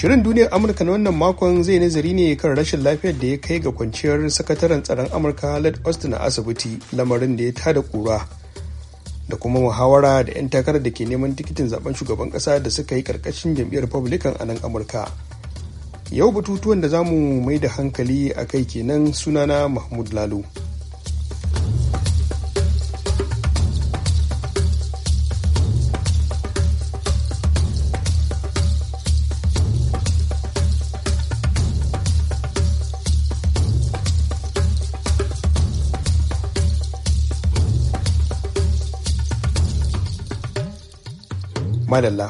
Shirin duniyar Amurka na wannan makon zai nazari ne kan rashin lafiyar da ya kai ga kwanciyar sakataren tsaron Amurka Led Austin a asibiti lamarin da ya tada kura da kuma muhawara da 'yan takarar da ke neman tikitin zaben shugaban kasa da suka yi karkashin jam'iyyar Republican a nan Amurka. Yau batutuwan da za mu mai da hankali a kai kenan sunana Mahmud Lalo. madalla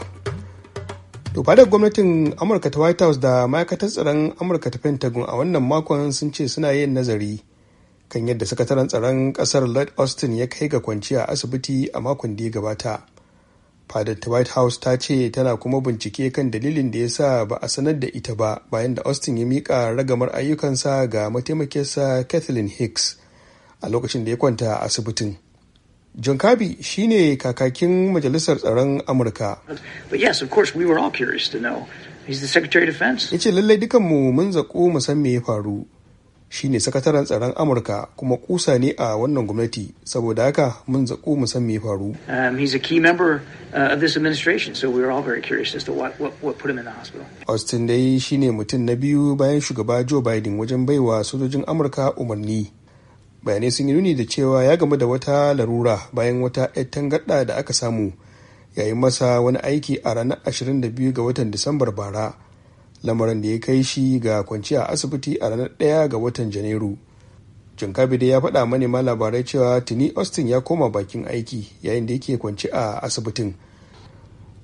to fadar gwamnatin amurka ta white house da ma'aikatar tsaron amurka ta pentagon a wannan makon sun ce suna yin nazari kan yadda sakataren tsaron kasar lloyd austin ya kai ga kwanciya asibiti a makon da ya gabata fadar ta white house ta ce tana kuma bincike kan dalilin da ya sa ba a sanar da ita ba bayan da austin ya mika ragamar ayyukansa ga mataimakinsa kathleen hicks a lokacin da ya kwanta a asibitin John Kirby ne kakakin Majalisar Tsaron Amurka. yes, Ya ce lallai dukanmu mun zaƙo mu san me ya faru. Shi ne sakataren tsaron Amurka kuma kusa ne a wannan gwamnati saboda haka mun zaƙo mu san me ya faru. Um, uh, Austin dai shi ne mutum na biyu bayan shugaba Joe Biden wajen baiwa sojojin Amurka umarni. bayanai sun yi nuni da cewa ya gamu da wata larura bayan wata 'yar tangarɗa da aka samu yayin masa wani aiki a ranar 22 ga watan disambar bara lamarin da ya kai shi ga kwanciya a asibiti a ranar 1 ga watan janairu dai ya faɗa manema labarai cewa tuni austin ya koma bakin aiki yayin da yake kwanci a asibitin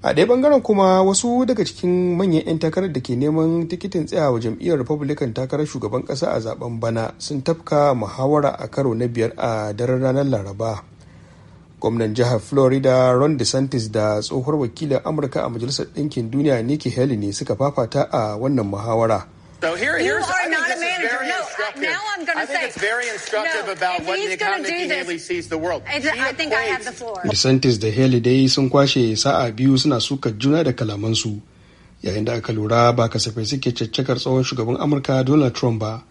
a ɗaya bangaren kuma wasu daga cikin manyan 'yan takarar da ke neman tikitin tsayawa jam'iyyar republican takarar shugaban ƙasa a zaben bana sun tafka muhawara a karo na biyar a daren ranar laraba gwamnan jihar florida ron desantis da tsohuwar wakilin amurka a majalisar ɗinkin duniya nikki haley ne suka fafata a wannan muhawara so here, Now I'm going to say. I think it's very instructive no, about what the economy Haley sees the world. I, think I have the floor. DeSantis da Haley dai sun kwashe sa'a biyu suna suka juna da kalaman su Yayin da aka lura ba kasafai suke caccakar tsohon shugaban Amurka Donald Trump ba,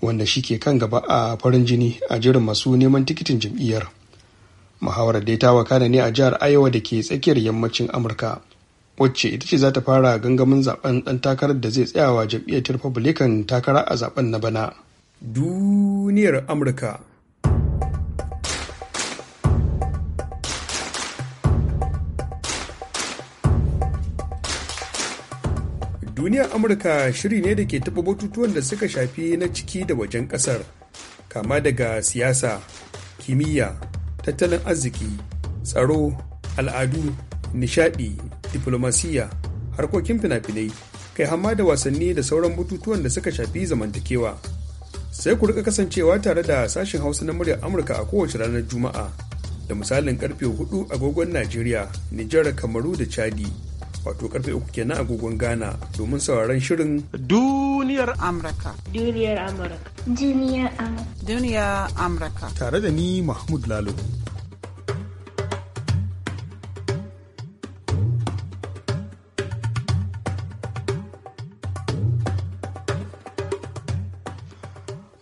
wanda shi ke kan gaba a farin jini a jirin masu neman tikitin jam'iyyar. Muhawarar dai ta wakana ne a jihar Iowa da ke tsakiyar yammacin Amurka. wacce ita ce za ta fara gangamin zaben dan takarar da zai tsayawa jam'iyyar republican takara a zaben na bana Duniyar Amurka. Duniyar Amurka shiri ne da ke taɓa batutuwan da suka shafi na ciki da wajen ƙasar, kama daga siyasa, kimiyya, tattalin arziki, tsaro, al'adu, nishaɗi, diflomasiyya, harkokin fina-finai, kai hamma da wasanni da sauran batutuwan da suka shafi zamantakewa. sai ku rika kasancewa tare da sashen hausa na muryar amurka a kowace ranar juma'a da misalin karfe 4 agogon najeriya nijar kamaru da chadi wato karfe 3 kenan agogon ghana domin sauraron shirin duniyar amurka duniyar amurka duniyar amurka tare da ni mahmud lalo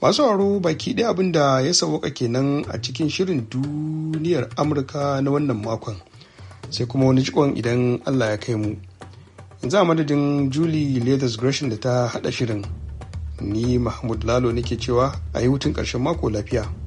masu haro baki ɗaya abin da ya sauwaka kenan a cikin shirin duniyar amurka na wannan makon sai kuma wani jikon idan allah ya kai mu yanzu a madadin julie leathers gresham da ta haɗa shirin ni mahmud lalo nake cewa a yi hutun ƙarshen mako lafiya